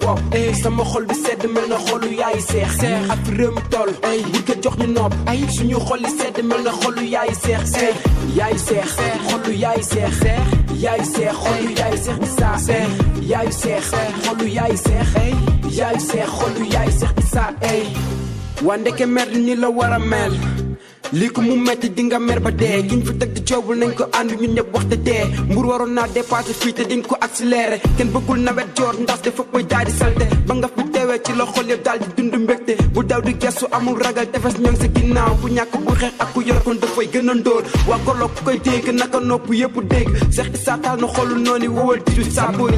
bopp sama xol bi sedd mel na xolu yaay seex seex ak rëm toll bu ko jox ñu nopp ay suñu xol yi sedd mel na xolu yaay seex seex yaay seex xolu yaay seex seex yaay seex xolu yaay seex di saa yaay seex xolu yaay seex yaay seex xolu yaay seex di saa ey waa ndeke mer ni la war a mel lii ko mu metti di nga mer ba dee liñ fi teg di joobul nañ ko ànd ñun ñëpp waxte dee mbur waroon naa dépassé fii te diñ ko accéléré kenn bëggul nawet joor ndax dafa koy daal di salte ba nga fi ñëwee ci loxol yëpp daal di dund mbégte bu daw di gestu amul ragal tefes ñoo ngi sa ginnaaw ku ñàkk bu xeex ak ku yor kon dafay ndóor waa golo ku koy dégg naka nopp yëpp dégg seex isaa taal na xolu noonu wowal di du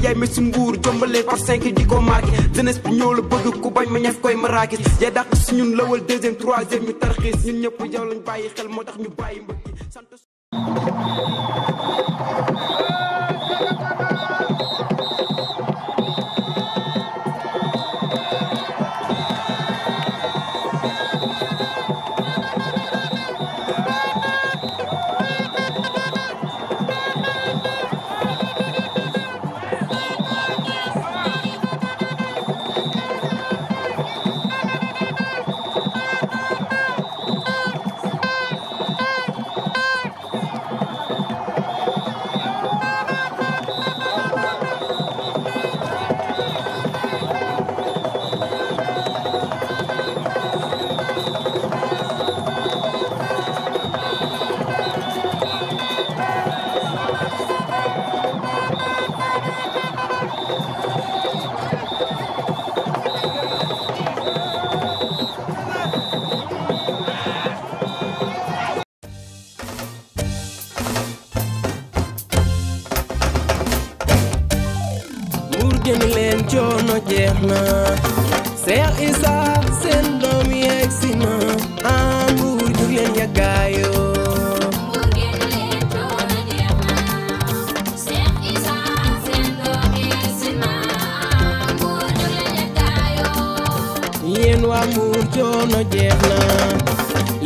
yaay mi mbuur jombalee par cinq di ko marqué jeunesse bi ñëw la bëgg ku bañ ma ñef koy maraakis yaa dàq si ñun lawal deuxième troisième ñu tarxiis ñun ñëpp yow lañ bàyyi xel moo tax ñu bàyyi mbëgg sant coono jeex na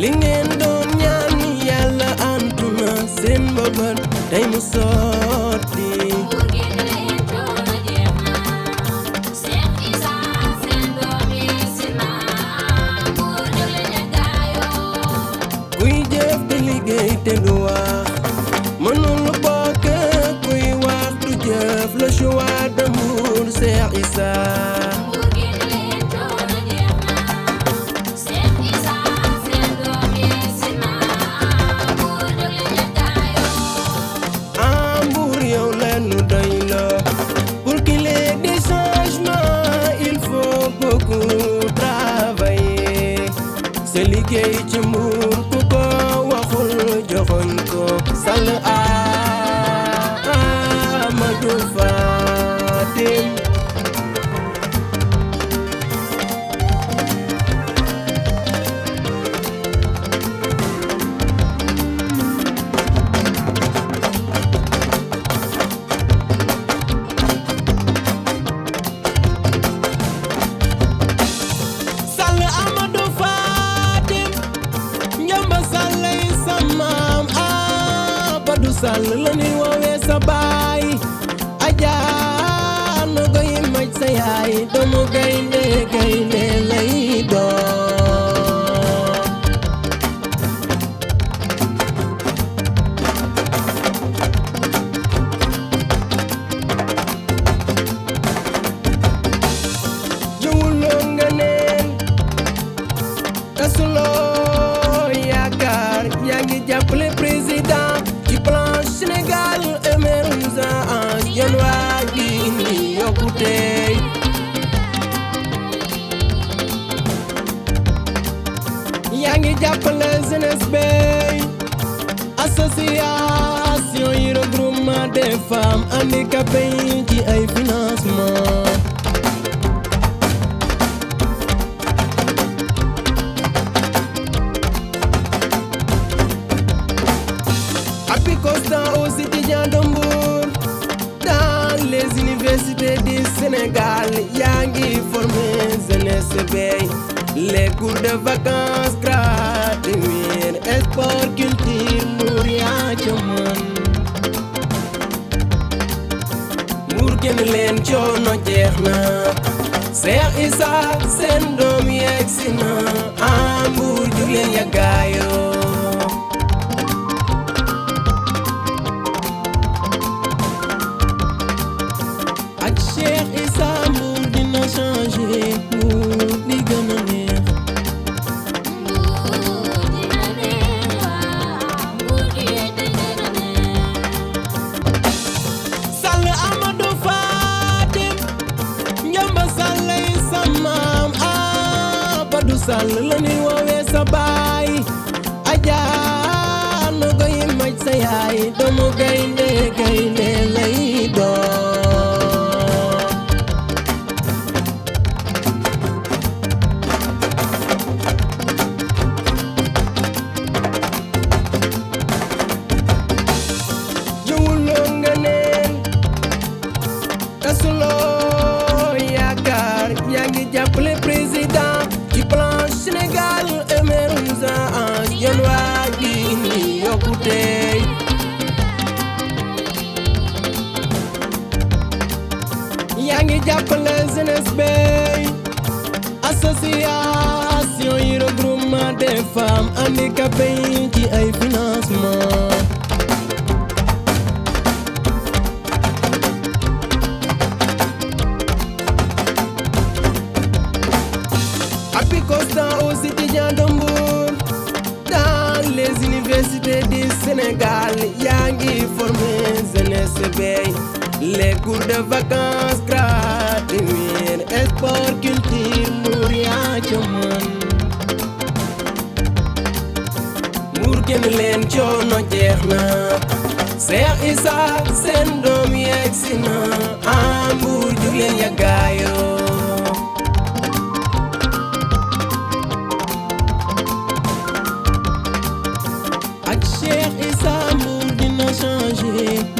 li ngeen doon ñaan ni yàlla antu na handicapé yi ci ay financement Apicostan aux étudiants de Mbour dans les universités du Sénégal yaa ngi former jeunesse bay les cours de vacances gratuits sport culture muur yaa ca mën génn leen coono jeex na Seex Isaa seen doom yegsi na am buur jug leen yàggaayo yaay doomu gaynde gaynde jëmmal nguur génn leen coono jeex na Seex Isa seen doom yegg si na ah Mbuur jug leen yàggaayoo ak Seex Isa Mbuur dina changer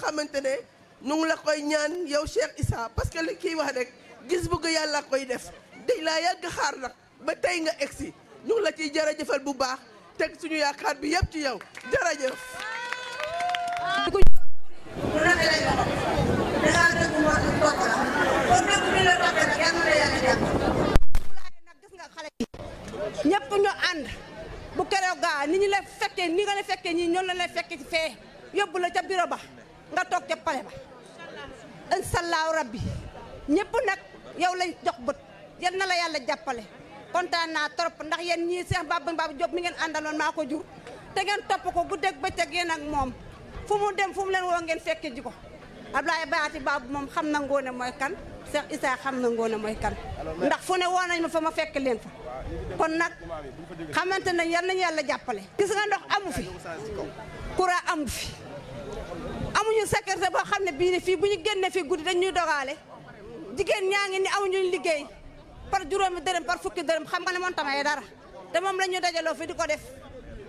xamante ne nu ngi la koy ñaan yow Cheikh Issa parce que li kiy wax rek gis bëgg yàlla koy def dañ laa yàgg xaar nag ba tey nga egsi ñu ngi la ci ciy jëfal bu baax teg suñu yaakaar bi yëpp ci yow jërëjëf. Ah. ñëpp ñu ànd bu keroog gaa ni ñu la fekkee ni nga la fekkee ñii ñoo la la fekkee fee yóbbu la ca bureau ba. nga toog ca pale ba insallaahu rabbi ñëpp nag yow lañ jox bët yan na la yàlla jàppale kontaan naa trop ndax yéen ñii Cheikh Baba Mbaba Diop mi ngeen àndaloon maa ko jur te ngeen topp ko guddeeg bëccëg yéen ak moom fu mu dem fu mu leen woo ngeen fekke ji ko Ablaye Baati Babu moom xam na ngoone mooy kan Cheikh Issa xam na ngoone mooy kan ndax fu ne woo nañ ma fa ma fekk leen fa kon nag xamante nañ yan nañu yàlla jàppale gis nga ndox amu fi courant amu amuñu sécurité boo xam ne bii ne fii bu ñu génne fii guddi dañ ñuy dogaale jigéen ñaa ngi ni amuñu liggéey par juróomi dërëm par fukki dërëm xam nga ne moom tamay dara te moom la ñu dajaloo fii di ko def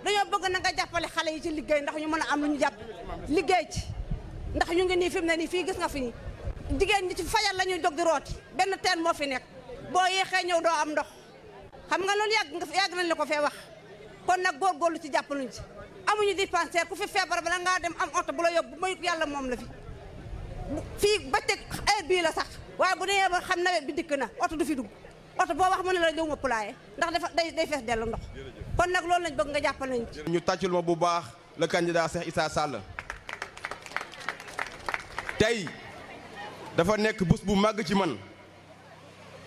dañoo bëgg na nga jàppale xale yi ci liggéey ndax ñu mën a am lu ñu jàpp liggéey ci ndax ñu ngi nii fi mu ne nii fii gis nga fi jigéen ñi ci fayal la ñuy dog di rooti benn teen moo fi nekk boo yéexee ñëw doo am ndox xam nga loolu yàgg nga yàgg nañ la ko fee wax kon nag góorgóorlu ci jàppaluñ ci amuñu dispensaire ku fi la la le candidat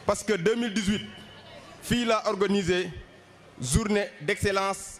parce que 2018 il a organisé journée d'excellence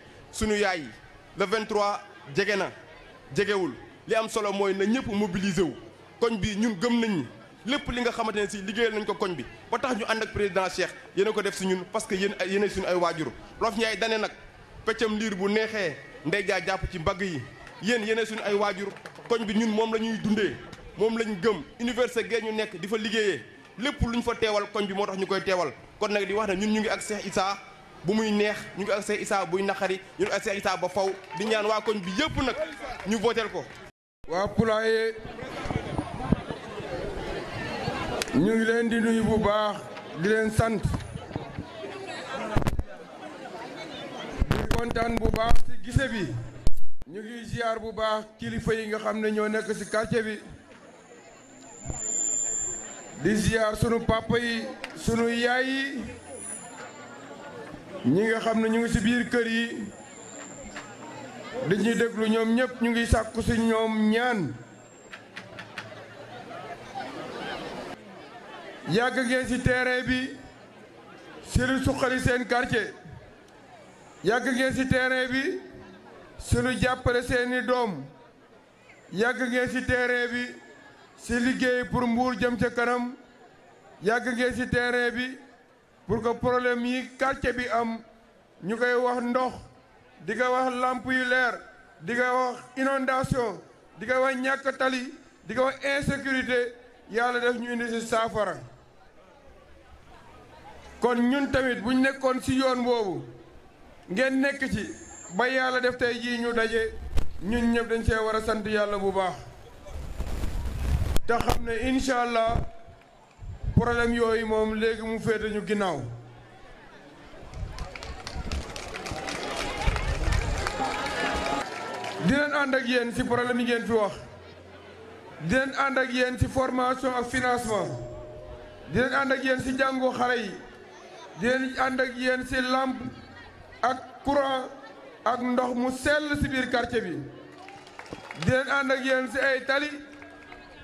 suñu yaay yi le 23 jege na jegewul li am solo mooy na ñëpp mobiliser wu koñ bi ñun gëm nañ lépp li nga xamante ne si liggéeyal nañ ko koñ bi ba tax ñu ànd ak président Cheikh yéen a ko def si ñun parce que yéen yéen suñu ay waajur Wolof Njaay dane nag peccam liir bu neexee ndey jaa jàpp ci mbagg yi yéen yeneen suñu ay waajur koñ bi ñun moom la ñuy dundee moom lañ gëm université gee ñu nekk di fa liggéeyee lépp lu ñu fa teewal koñ bi moo tax ñu koy teewal kon nag di wax ne ñun ñu ngi ak Cheikh Issa bu muy neex ñu ngi ak Cheikh Issa buy naqari ñu ngi ak Cheikh Issa ba faw di ñaan waa koñ bi yëpp nag ñu votel ko waa poulailler ñu ngi leen di nuyu bu baax di leen sant di kontaan bu baax ci gise bi ñu ngi ziar bu baax kilifa yi nga xam ne ñoo nekk ci quartier bi di ziar sunu papa yi sunu yaay yi ñi nga xamne ñu ngi ci biir kër yi ñi déglu ñom ñepp ñu ngi sakku ci ñom ñaan yàgg ngeen ci terrain bi sëru sukkali seen quartier yàgg ngeen ci terrain bi jappalé doom ci bi ci liggéey pour mbuur jëm ci kanam ci bi pour que problème yi quartier bi am ñu koy wax ndox di ko wax làmp yu leer di ko wax inondation di ko wax ñàkk tali di ko wax insécurité yàlla def ñu indi si saafara kon ñun tamit buñ nekkoon si yoon boobu ngeen nekk ci ba yàlla def tey jii ñu daje ñun ñëpp dañ see war a sant yàlla bu baax te xam ne incha problème yoy mom légui mu fété ñu ginnaw di len and ak yeen ci problème yi ngeen fi wax di len and ak yeen ci formation ak financement di len and ak yeen ci jàngu xalé yi di len and ak yeen ci lampe ak courant ak ndox mu sel ci bir quartier bi di len and ak yeen ci ay tali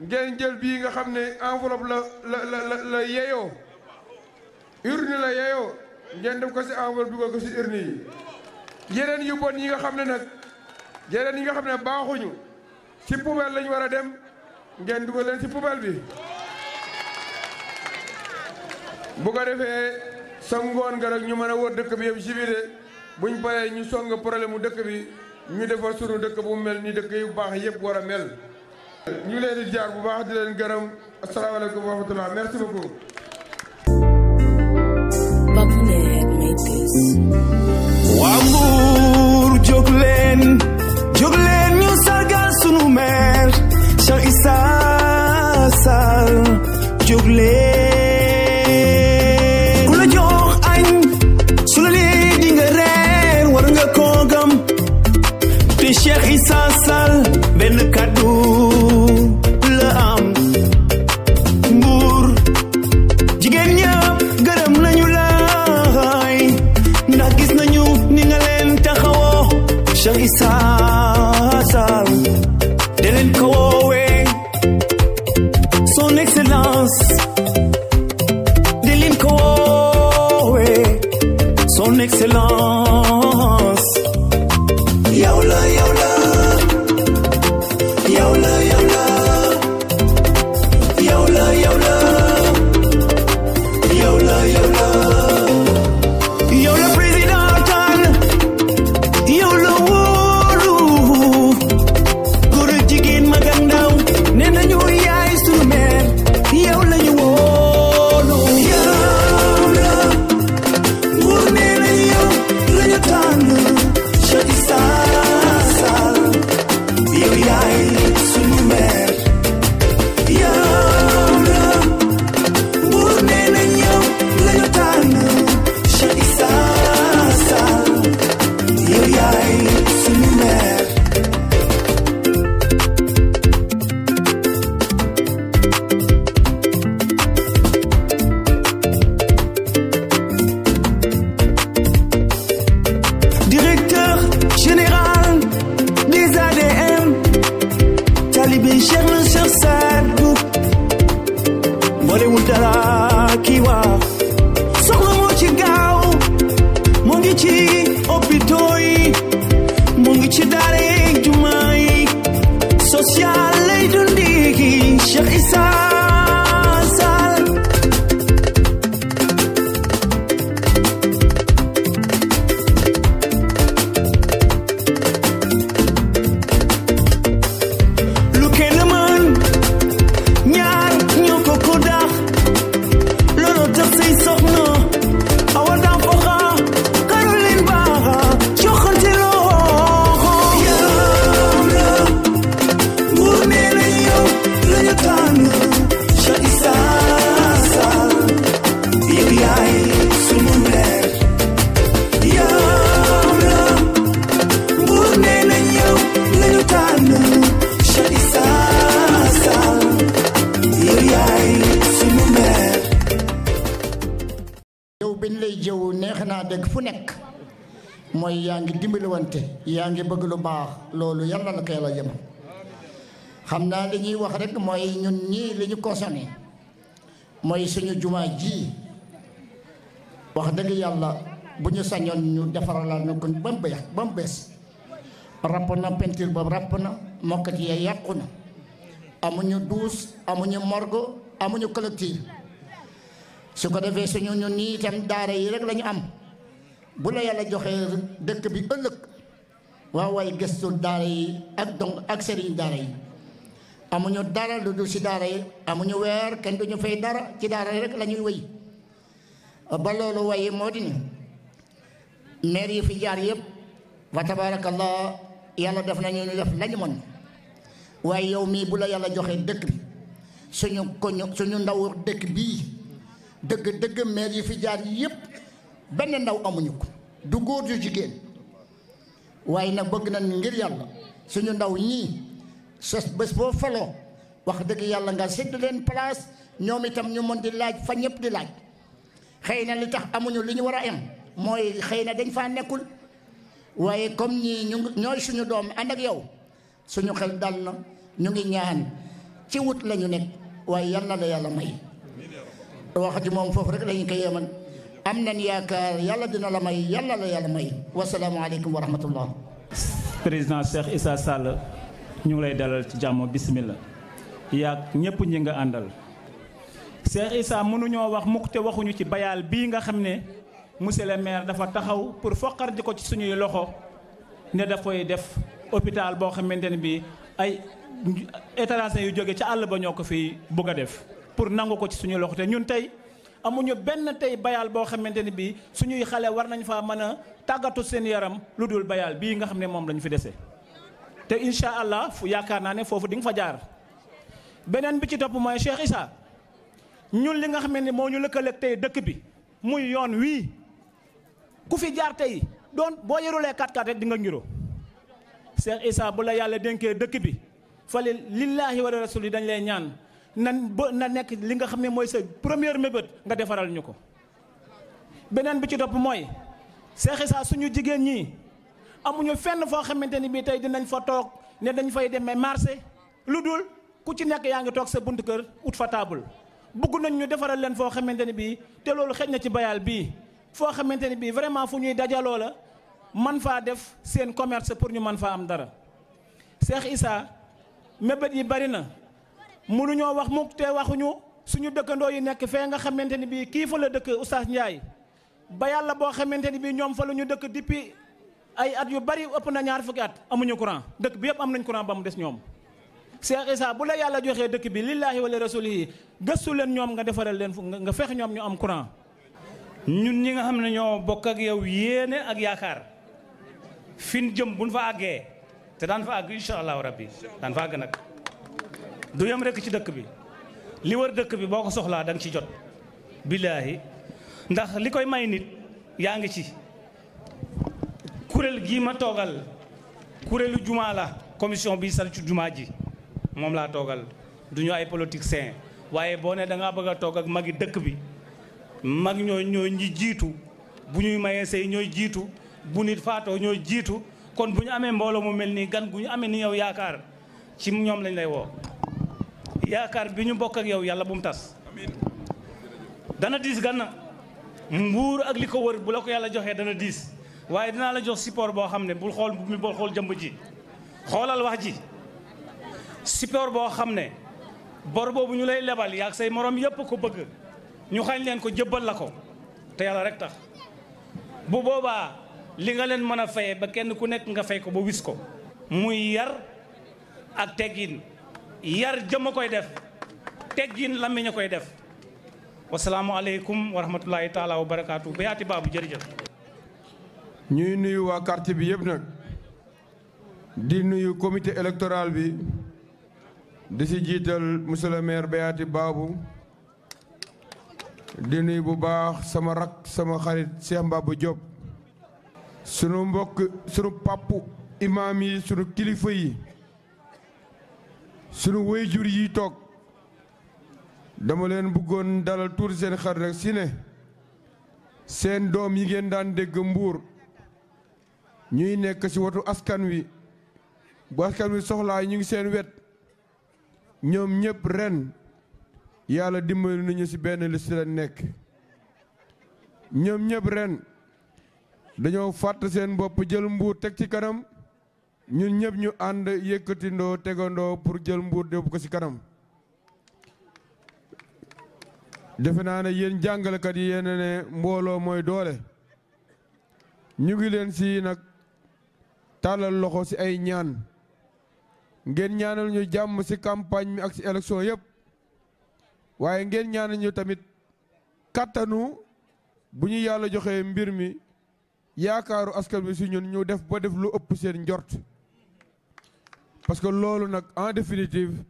ngeen jël bi nga xam enveloppe la la la la yeyo urne la yeyo ngeen def ko ci enveloppe ko ko ci urne yi yeneen yu bon yi nga xam nak yeneen yi nga xam baaxuñu ci poubelle lañ wara dem ngeen dugal leen ci poubelle bi bu ko sam ngon nga rek ñu mëna wër dëkk bi bi dé buñ paree ñu song problème dëkk bi ñu defar sunu dëkk bu mel ni dëkk yu baax yëpp wara mel ñu leen di waa Mbuur jóg leen jóg leen sunu meer Cheikh Issa Sall jóg Usted aquí, bañ lay jëw neex naa dégg fu nekk mooy yaa ngi dimbaliwante yaa ngi bëgg lu baax loolu yàlla la ko yàlla jëm xam naa li ñuy wax rek mooy ñun ñii li ñu consommé mooy suñu jumaa ji wax dëgg yàlla bu ñu sañoon ñu defaralal na ko ba mu bees ba mu bees rapp na peinture ba rapp na mokkati ya yàqu na amuñu duus amuñu morgue amuñu collectif su ko defee suñu ñun ñi itam daara yi rek lañu am bu la yàlla joxee dëkk bi ëllëg waaw waaye gëstul daara yi ak dong ak sëriñ daara yi amuñu dara lu dul ci daara yi amuñu weer kenn duñu fay dara ci daara yi rek lañuy wëy ba loolu waaye moo di yi fi jaar yëpp wa tabarakallah yàlla def nañu ñu def lañu mën waaye yow mii bu la yàlla joxee dëkk bi suñu koñu suñu ndaw dëkk bii deug deug mer yi fi jaar yépp benn ndaw amuñu ko du góor ju jigéen waaye nag bëgg nañ ngir yàlla suñu ndaw ñii sos bés boo faloo wax dëgg yàlla nga sedd leen place ñoom itam ñu mën di laaj fa ñëpp di laaj xëy na li tax amuñu li ñu war a am mooy xëy na dañ faa nekkul waaye comme ñii ñu ñooy suñu doom ànd ak yow suñu xel dal na ñu ngi ñaan ci wut lañu nekk waaye yal la yàlla may waxati moom foofu rek lañu koy yemal am nañ yaakaar yàlla dina la may yàlla la yàlla may wasalaamualeykum wa rahmatullah président Cheikh Issa Sall ñu ngi lay dalal ci jàmm bismillah yaag ñépp ñi nga àndal Cheikh Issa mënuñoo wax mukk te waxuñu ci bayaal bii nga xam ne monsieur le maire dafa taxaw pour foqar di ko ci suñuy loxo ne dafay def hôpital boo xamante ne bi ay étranger yu jóge ca àll ba ñoo ko fi bëgg a def pour nangu ko ci suñu loxo te ñun tay amuñu benn tay bayal bo xamanteni bi suñuy xalé war nañ fa mëna tagatu seen yaram lu bayal bi nga xamne mom lañ fi déssé te incha allah fu yaakaar naa ne foofu di nga fa jaar benen bi ci top moy Cheikh isa ñun li nga xamanteni mo moo ñu lëkkaleeg tay dëkk bi muy yoon wi ku fi jaar tay don bo yorulee 4x4 rek di nga ñuro Cheikh isa bu la yalla denké dëkk bi fale Lillahi wa rasuli dañ lay ñaan na ba na nekk li nga xam ne mooy sa première mébét nga defaral ñu ko beneen bi ci topp mooy Cheikh Issa suñu jigéen ñi amuñu fenn foo xamante ni bii tey dinañ fa toog ne dañ fay demee marché lu dul ku ci nekk yaa ngi toog sa buntu kër ut fa taabul bëgg nañ ñu defaral leen foo xamante ni bii te loolu xëj na ci bayal bii foo xamante ni bii vraiment fu ñuy dajaloo la man faa def seen commerce pour ñu man faa am dara Cheikh Issa mébét yi bari na. ñoo wax mukk te ñu suñu dekkando yi nek fe nga xamanteni bi ki fa la dekk Oustaz Ndiaye ba yalla bo xamanteni bi ñom fa la ñu dekk dipi ay at yu bari upp na ñaar fukki at ñu courant dekk bi yëpp am nañ courant ba mu des Cheikh isa bu la yalla joxe dekk bi lillahi wa rasulihi gessu len ñom nga defaral len nga fex ñom ñu am courant. ñun ñi nga xamne ñoo bok ak yow yene ak yaakar fin jëm buñ fa agge te dan fa àgg inshallah rabbi dan fa àgg nak du yem rekk ci dëkk bi li wër dëkk bi boo ko soxlaa da nga ci jot billaahi ndax li koy may nit yaa ngi ci kuréel gii ma toogal kuréelu jumaa la commission bi sal ci jumaa ji moom laa toogal du ñu ay politiciens waaye boo ne da ngaa bëgg a toog ak magi dëkk bi mag ñooy ñooy ñi jiitu bu ñuy mayee sey ñooy jiitu bu nit faatoo ñooy jiitu kon bu ñu amee mbooloo mu mel nii gan gu ñu amee ni yow yaakaar ci ñoom lañ lay woo yaakaar bi ñu mbokk ak yow yàlla bu mu tas dana diis ganna mbuur ak li ko wër bu la ko yàlla joxee dana diis waaye dinaa la jox support boo xam ne bul xool mi boo xool jëmb ji xoolal wax ji support boo xam ne bor boobu ñu lay lebal yaag say morom yépp ko bëgg ñu xañ leen ko jëbbal la ko te yàlla rek tax bu boobaa li nga leen mën a fayee ba kenn ku nekk nga fay ko ba wis ko muy yar ak teggiin yar jëmm a koy def teggin làmmiñ a koy def wasalaamualeykum wa rahmatulahi taala wa barakaatu ba yaati baabu jërëjëf ñuy nuyu waa quartier bi yëpp nag di nuyu comité électoral bi di si jiital monsieur le maire Bayati Baabu di nuyu bu baax sama rak sama xarit Cheikh Mbabou Diop sunu mbokk sunu pàpp imaam yi sunu kilifa yi sunu jur yi toog dama leen bëggoon dalal tuuti seen xar rekk si ne seen doom yi ngeen daan dégg mbuur ñuy nekk ci wotu askan wi bu askan wi soxlaa ñu ngi seen wet ñoom ñëpp ren yàlla dimbali nañu ci benn liste nekk ñoom ñëpp ren dañoo fàtt seen bopp jël mbuur teg ci kanam ñun ñëpp ñu ànd yëkkatindoo tegandoo pour jël mbuur yóbbu ko ci kanam defe naa ne yéen jàngalekat yi yéen ne mbooloo mooy doole ñu ngi leen ci nag tàllal loxo ci ay ñaan ngeen ñaanal ñu jàmm ci campagne mi ak ci élection yëpp waaye ngeen ñaanal ñu tamit katanu bu ñu yàlla joxee mbir mi yaakaaru askan bi ñun ñu def ba def lu ëpp seen njort parce que loolu nag en définitive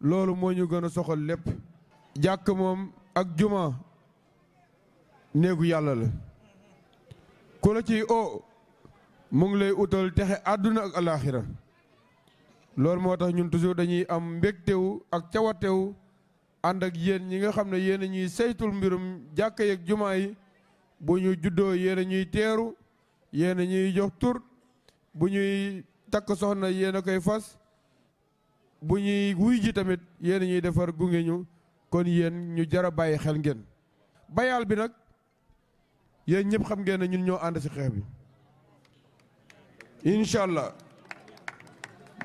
loolu moo ñu gën a soxal lépp jàkk moom ak juma néegu yàlla la ku la ciy o mu ngi lay utal texe àdduna ak alaaxira loolu moo tax ñun toujours dañuy am mbégtewu ak cawatewu ànd ak yéen ñi nga xam ne yéen a ñuy saytul mbirum jàkk yeeg jumaa yi bu ñu juddoo yéen a ñuy teeru yéen a ñuy jox tur bu ñuy takk soxna yéen a koy fas bu ñuy wuy ji tamit yéen ñuy defar gunge ñu kon yéen ñu jara bàyyi xel ngeen bayaal bi nag yéen ñëpp xam ngeen ne ñun ñoo ànd si xeex bi incha allah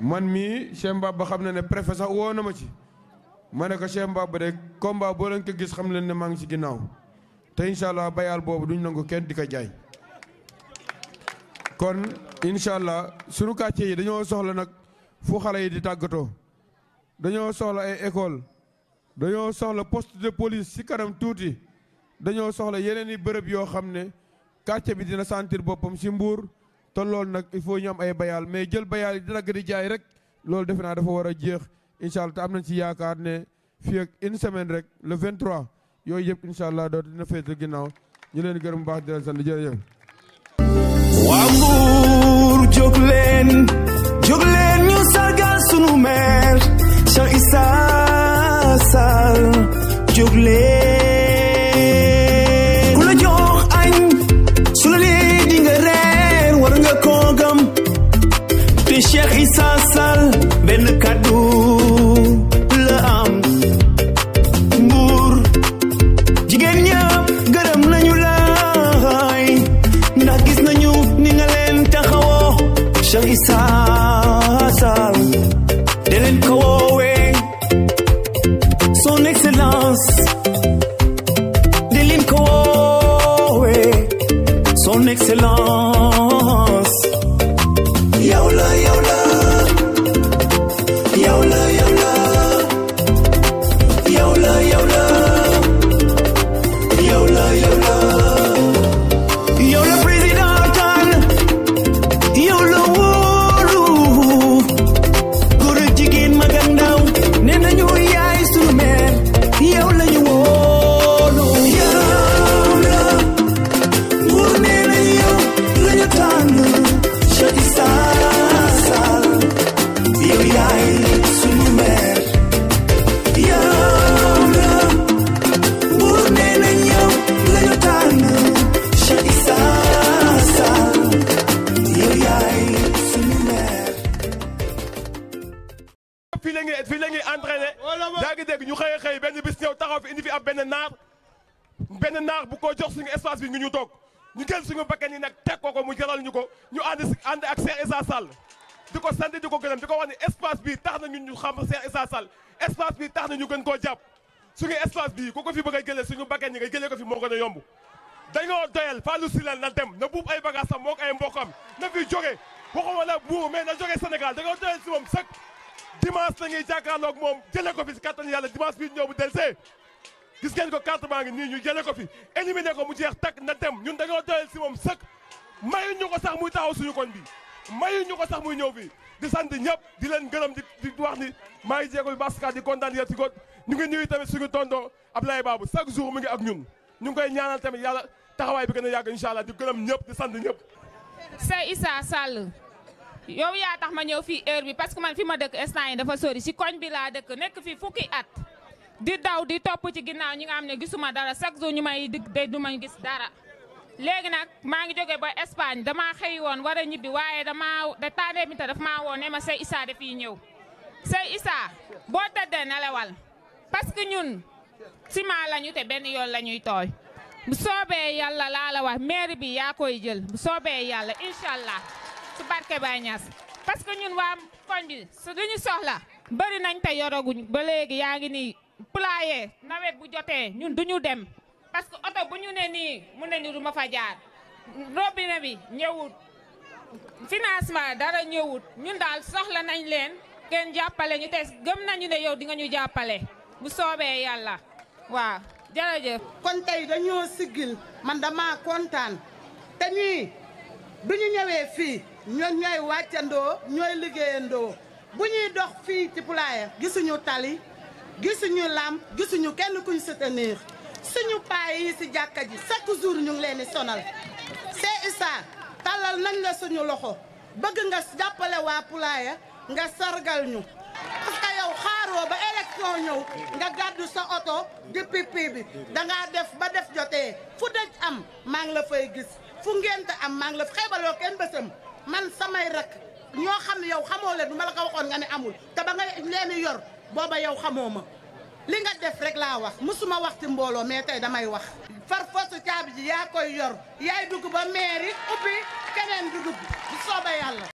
man mii Cheikh Mbaba xam na ne préfet sax woo na ma ci ma ne ko Cheikh Mbaba rek combat boo leen ko gis xam leen ne maa ngi ci ginnaaw te allah bayaal duñ nangu kenn di jaay kon incha allah sunu quartier yi dañoo soxla nag fu xale yi di tàggatoo dañoo soxla ay école dañoo soxla poste de police ci kanam tuuti dañoo soxla yeneen i bërëb yoo xam ne quartier bi dina sentir boppam ci Mbour te loolu nag il faut ay bayaal mais jël bayaal yi dina gën a jaay rek lool defe naa dafa war a jeex incha te am nañ ci yaakaar ne fii ak une semaine rek le 23 yooyu yëpp incha allah doo dina féetal ginnaaw ñu leen baax di leen sant jërëjëf. waa Mbour jóg leen jóg leen sunu maire. Cheikh Issa Sall jóg leen ku la jox añ su la lee di nga reer war nga koo gëm te Cheikh Issa Sall benn kàddu moo gën a yomb dañoo doyal Fallou Sylla na dem na buub ay bagage sax moo ko ay mbokkam na fi jóge waxuma la buur mais na jóge Sénégal dañoo doyal si moom sëkk dimanche la ñuy jàkkaarloog moom jëlee ko fi si kattan yàlla dimanche bii ñëw bu delsee gis ngeen ko carte baa ngi nii ñu jëlee ko fi éliminé ko mu jeex takk na dem ñun dañoo doyal si moom sëkk ñu ko sax muy taxaw suñu koñ bi mayuñu ko sax muy ñëw fii di sant ñëpp di leen gërëm di di wax ni maa ngi jéego bi baskat di ngi nuyu tamit suñu tonton Ablaye Babou jour mu ngi ak ñun ñu ngi koy ñaanal tamit yàlla taxawaay bi gën a yàgg incha allah di gërëm ñëpp di sant ñëpp. Sey Issa Sall yow yaa tax ma ñëw fii heure bi parce que man fi ma dëkk instant yi dafa sori si koñ bi laa dëkk nekk fi fukki at. di daw di topp ci ginnaaw ñi nga xam ne gisuma dara chaque jour ñu may dig de du ma gis dara. léegi nag maa ngi jógee ba Espagne damaa xëy woon war a ñibbi waaye damaa da tànnee bi daf maa woo ne ma Sey de fi ñëw Sey Issa boo tëddee nelawal parce que ñun. ciment lañu te benn yoon la ñuy tooy bu soobee yàlla laa la wax mairie bi yaa koy jël bu soobee yàlla incha allah su barke Ñas parce que ñun waa koñ bi su duñu soxla bëri nañ te yoraguñ ba léegi yaa ngi nii playé nawet bu jotee ñun du ñu dem parce que oto bu ñu ne nii mu ne ñu du ma fa jaar robinet bi ñëwut financement dara ñëwut ñun daal soxla nañ leen ngeen jàppale ñu te gëm nañu ne yow di nga ñu jàppale bu soobee yàlla waaw jërëjëf. kon tey dañoo siggil man damaa kontaan te ñii du ñu ñëwee fii ñoom ñooy wàccandoo ñooy liggéeyandoo bu ñuy dox fii ci Poulailler gisuñu tali gisuñu làmp gisuñu kenn kuñ soutenir suñu paay yi si jàkka ji chaque jour ñu leen di sonal c'est Issa tàllal nañ la suñu loxo bëgg nga jàppale waa Poulailler nga sargal ñu yow xaaroo ba élection ñëw nga gàddu sa oto di pipi bi dangaa def ba def jotee fu dëj am maa ngi la fay gis fu ngénte am maa ngi la xeebaloo kenn bësam man samay rak ñoo xam ne yow xamoo leen bu ma la ko waxoon nga ne amul te ba nga leen yor booba yow xamoo ma li nga def rek laa wax mësuma wax ci mbooloo mais tey damay wax far fosu caabi ji yaa koy yor yaay dugg ba mairie ubbi keneen du dugg bu sooba yàlla.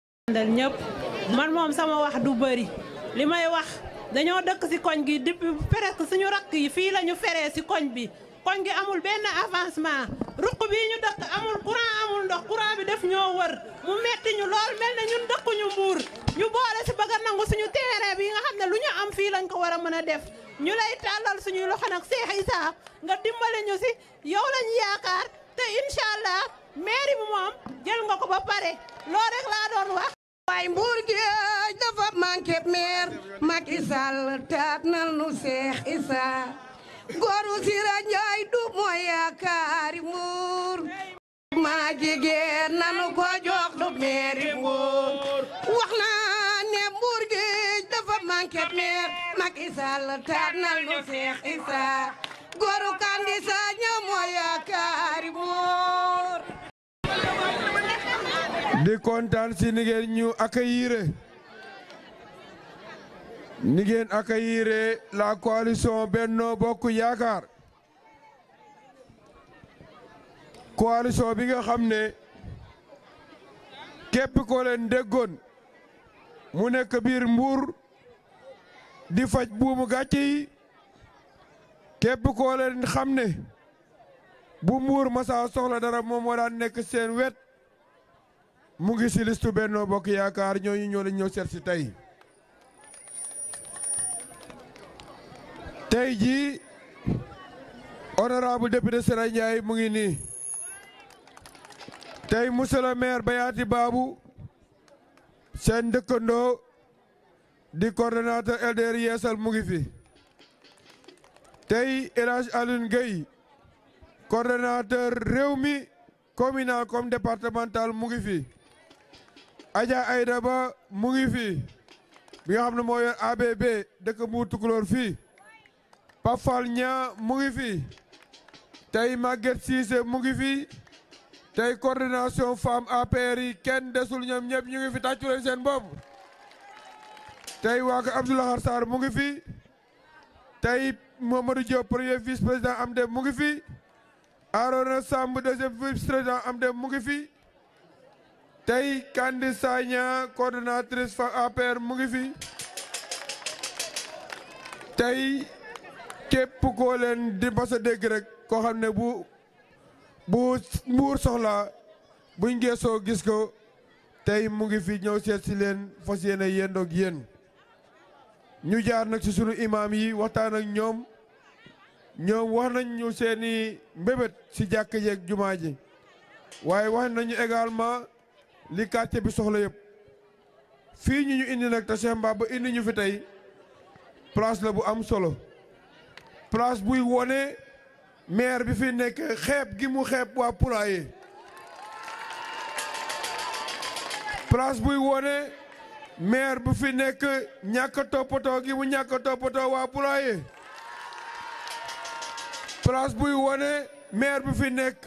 man moom sama wax du bëri. lima may wax dañoo dëkk ci koñ gi depuis presque suñu rakk yi fii ci koñ bi koñ gi amul benn avancement ruq bii ñu dëkk amul courant amul ndox courant bi def ñoo wër mu metti ñu lool mel na ñun dëkkuñu mbuur ñu boole ci bëgg nangu suñu terrain bi nga xam lu ñu am fii lañ ko war a def ñu lay tàllal suñuy loxo nag Cheikh Issa nga dimbale ñu ci yow lañ yaakaar te incha mairie jël nga ko ba rek doon wax. mbuur gi Géej dafa manqué maire Macky Sall taat nal nu Seex Isa góoru Sira Njaay du mooy yaakaari muur maa jigéen nanu ko jox du meeri muur wax na ne mbuur géej dafa manqué maire Macky Sall taat nal nu Seex Isa góoru Kandisa ñëw mooy yaakaari muur di kontaan si ni ngeen ñu accueillir ni ngeen re la coalition bennoo Bokk Yaakaar coalition bi nga xam ne képp ko leen déggoon mu nekk biir Mbuur di faj buumu gàcce yi képp koo leen xam ne bu Mbuur masaa soxla dara moom moo daan nekk seen wet mu ngi si listu Benno Bokk Yaakaar ñooñu ñoo leen ñëw seet si tey tey orang honorable député Sera Ndiaye mu ngi nii tey monsieur le maire Bayati Babu di koordinator LDR Yeesal mu ngi fi tey El Hadj Alioune Gueye Rewmi communal comme départemental mu ngi fi Adja Aïda Ba mu ngi fi bi nga ABB dëkk Mbour Tukulóor Pafalnya nya mu ngi fi tay Maguette Cissé mu ngi fi tay coordination femme APR yi kenn desul ñom ñep ñu ngi fi taccu leen seen bop tay wa ko Abdoulaye Harsar mu ngi fi tay Mamadou Diop premier vice président am dem mu ngi fi Arona Samb deuxième vice président am dem mu ngi fi tay Kandi Sagna femme APR mu ngi fi tay képp koo leen di mos dégg rek koo xam ne bu bu mbuur soxla buñ geesoo gis ko tey mu ngi fi ñëw seet si leen fas yéene yendoog yéen ñu jaar nag ci sunu imaam yi waxtaan ak ñoom ñoom wax nañ ñu seeni mbébét ci jàkk jeeg jumaa ji waaye wax nañu également li quartier bi soxla yëpp fii ñu ñu indi nag te Cheikh Mbaba indi ñu fi tey place la bu am solo place buy wone maire bi fi nekk xeeb gi mu xeeb waa Poulailler place buy wone maire bu fi nekk ñàkk toppatoo gi mu ñàkk toppatoo waa Poulailler place buy wone maire bu fi nekk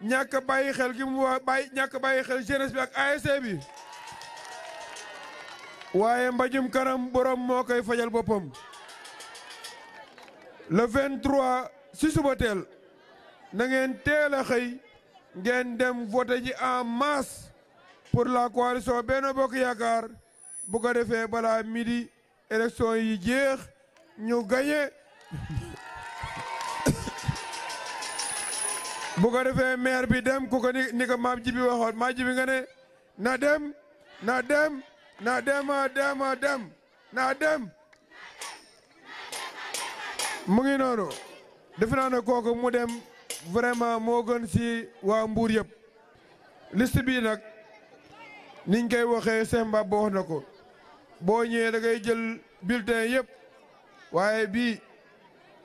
ñàkk a bàyyi xel gi ñàkk bàyyi xel jeunesse bi ak ASC e bi waaye mbajum kanam borom moo koy fajal boppam le 23 ci suba na ngeen téla a ngeen dem voter ji en masse pour la coalition beno bok yakar bu ko defee bala midi élection yi jeex ñu gagné bu ko defee maire bi dem ku ko ni ko mam jibi bi ma jibi nga ne na dem na dem na dem na dem na dem mu ngi noonu defe naa ne kooku mu dem vraiment moo gën si waa mbuur yëpp liste bii nag niñ koy waxee Semba bo wax na ko boo ñëwee da ngay jël bulletin yëpp waaye bii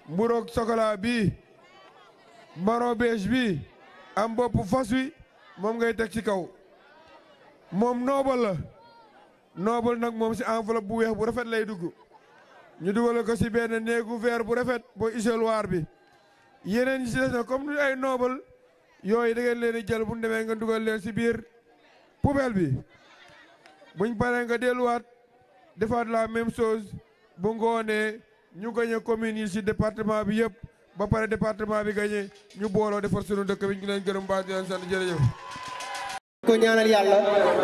mburoog chocolat bii marron beige bii am bopp fas wi moom ngay teg ci kaw moom noobal la noobal nag moom si enveloppe bu weex bu rafet lay dugg ñu duggal ko ci ben néegu verre bu rafet bo isoloir bi yeneen ci dess na comme ñu ay noble yoy da ngeen leen di jël bu ñu nga duggal leen ci biir poubelle bi buñ paree nga delu wat defat la même chose bu ngone ñu gagné commune yi ci département bi yépp ba paré département bi gagné ñu bolo defal suñu dëkk bi ñu leen gërëm ba di leen sant jërëjëf. ko ñaanal yàlla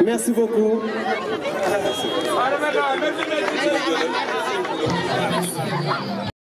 merci beaucoup.